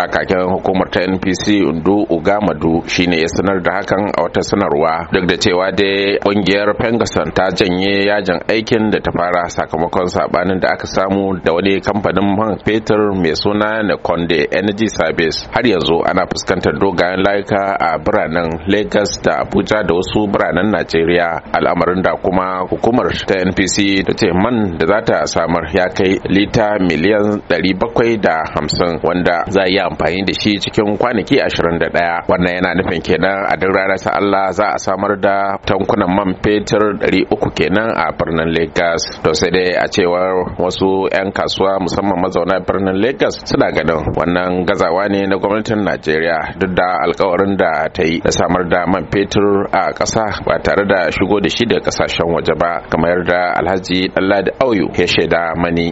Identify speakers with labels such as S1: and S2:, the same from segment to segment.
S1: kakakin hukumar ta npc undu ugamadu shine ya sanar da hakan a wata sanarwa duk da cewa dai kungiyar pengason ta janye yajin aikin da ta fara sakamakon sabanin da aka samu da wani kamfanin man fetur mai suna na konde energy service har yanzu ana fuskantar dogayen layuka a biranen lagos da abuja da wasu biranen najeriya al'amarin da kuma hukumar ta npc ta ce man da za ta samar ya kai lita miliyan 750 wanda za a iya amfani da shi cikin kwanaki 21 wannan yana nufin kenan a duk ranar sa Allah za a samar da tankunan man fetur 300 kenan a birnin Lagos to sai dai a cewar wasu 'yan kasuwa musamman mazauna birnin Lagos suna ganin wannan gazawa ne na gwamnatin Najeriya duk da alkawarin da ta yi da samar da man fetur a ƙasa ba tare da shigo da shi da ƙasashen waje ba kamar yadda Alhaji Ɗanladi Auyu ya shaida mani.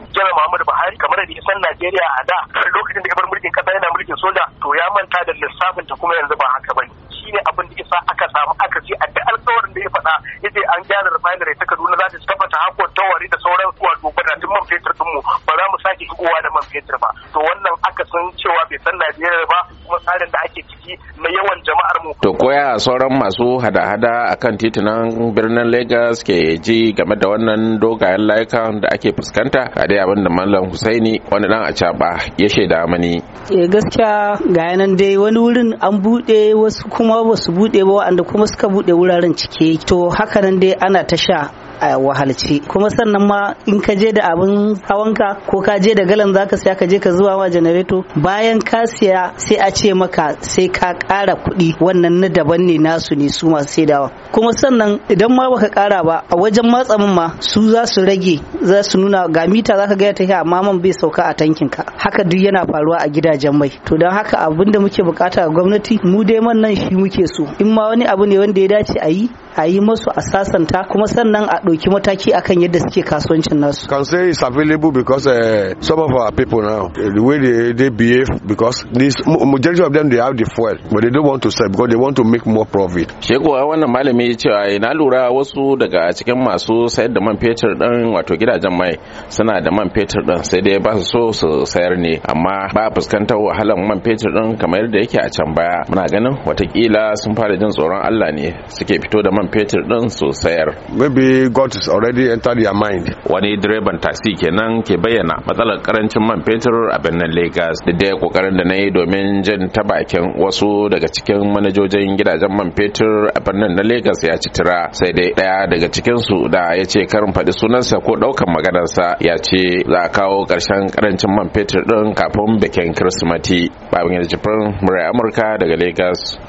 S1: da isan Najeriya a da lokacin da ya bar mulkin kasa yana mulkin
S2: soja to ya manta da lissafin ta kuma yanzu ba haka bane ne abin da isa aka samu aka ce a da alƙawarin da ya faɗa yace an gyara refinery ta Kaduna za ta tabbata hakon tawari da sauran
S1: wato badatun man fetur din mu ba za mu sake shigowa da man fetur ba to sun cewa bai san Najeriya ba kuma tsarin da ake ciki na yawan jama'ar mu. To koya sauran masu hada-hada akan titunan birnin Lagos ke ji game da wannan dogayen layukan da ake fuskanta a dai abin da Mallam Husaini wani dan caba ya shaida mani.
S2: Eh gaskiya ga yanan dai wani wurin an bude wasu kuma ba su bude ba wanda kuma suka bude wuraren cike to haka nan dai ana ta sha a wahalce kuma sannan ma in ka je da abin hawanka ko ka je da galan zaka siya ka je ka zuwa ma janareto bayan ka siya sai a ce maka sai ka ƙara kuɗi wannan na daban ne nasu ne su masu saidawa kuma sannan idan ma baka ƙara ba a wajen matsamin ma su za su rage za su nuna ga mita zaka gaya ta amma man bai sauka a tankin ka haka duk yana faruwa a gidajen mai to don haka abin da muke bukata a gwamnati mu dai man nan shi muke so in ma wani abu ne wanda ya dace a yi a yi masu a sasanta kuma sannan a ɗauki mataki akan yadda suke kasuwancin nasu.
S1: Can say it's available because uh, some of our people now uh, the way they, they behave because this majority of them they have the fuel but they don't want to sell because they want to make more profit. Sheku a wannan malami ya ce na lura wasu daga cikin masu sayar da man fetur ɗin wato gidajen mai suna da man fetur ɗin sai dai ba su so su sayar ne amma ba fuskantar wahalar man fetur ɗin kamar yadda yake a can baya muna ganin watakila sun fara jin tsoron Allah ne suke fito da man fetur din su sayar maybe god is already entered your mind wani direban taxi kenan ke bayyana matsalar karancin man fetur a birnin lagos da dai kokarin da na yi domin jin ta bakin wasu daga cikin manajojin gidajen man fetur a birnin na lagos ya ci tura sai dai daya daga cikin su da ya ce karin faɗi sunansa ko ɗaukan maganarsa ya ce za a kawo ƙarshen karancin man fetur din kafin bikin kirsimati babin yadda murai amurka daga lagos